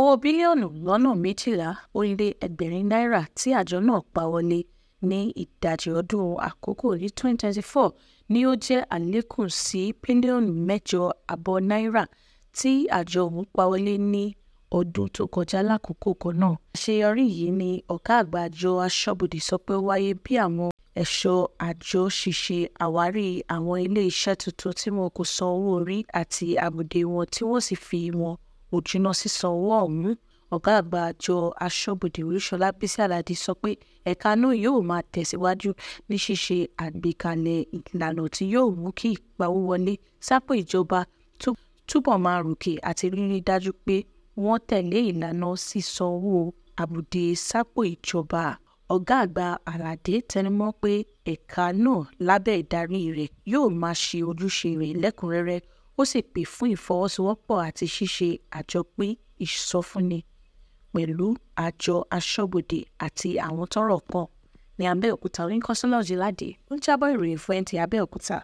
owó bílíọ̀nù lọ́nà méjìlá ó lé ẹgbẹ̀rin náírà tí àjọ náà pa wọlé ní ìdajì ọdún àkókò ní 2024 ni ó jẹ́ àlékún sí bílíọ̀nù mẹ́jọ àbọ̀ náírà tí àjọ ọ̀hún pa wọlé ní ọdún tó kọjá lákòókò kan náà. àṣeyọrí yìí ni ọ̀gá àgbà àjọ aṣọ́bodè sọ pé ó wáyé bí àwọn ẹ̀ṣọ́ àjọ ṣíṣe àwárí àwọn ilé iṣẹ́ tuntun tí wọn kò san owó orí àti àbùdé wọn tí wọ́n sì fi wọn kò jìnnà sísan owó ọ̀hún ọ̀gá àgbà àjọ aṣọ́bodè olúṣọlá bísí aládé sọ pé ẹ̀ka náà yóò máa tẹ̀síwájú ní ṣíṣe àgbékalẹ̀ ìlànà tí yóò mú kí ìpawówọlé sápò ìjọba túbọ̀ máa ròkè àti rírí dájú pé wọ́n tẹ̀lé ìlànà sísan owó àbùdé sápò ìjọba ọ̀gá àgbà aládé tẹnumọ́ pé ẹ̀ka náà lábẹ́ ìdarí rẹ̀ yóò máa ṣe ojúṣe rẹ̀ lẹ́kùnrẹ́rẹ́ ó sì pè fún ìfọwọ́sowọ́pọ̀ àti ṣíṣe àjọpín ìsọfúnni pẹ̀lú àjọ aṣọ́bodè àti àwọn tọ́rọ̀ kàn ní abẹ́òkúta oníkọ́sọ́lọ́ọ̀jì ládé ń jábọ̀ ìròyìn fún ẹ̀ǹtì abẹ́òkúta.